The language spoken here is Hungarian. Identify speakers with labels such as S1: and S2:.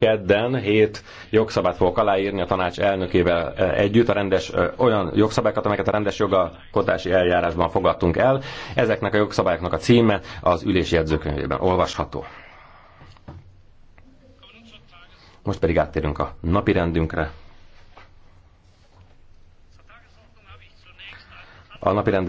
S1: kedden hét jogszabát fogok aláírni a tanács elnökével e, együtt, a rendes, e, olyan jogszabályokat, amelyeket a rendes jogalkotási eljárásban fogadtunk el. Ezeknek a jogszabályoknak a címe az ülés jegyzőkönyvében olvasható. Most pedig áttérünk a napi rendünkre.
S2: A napi rend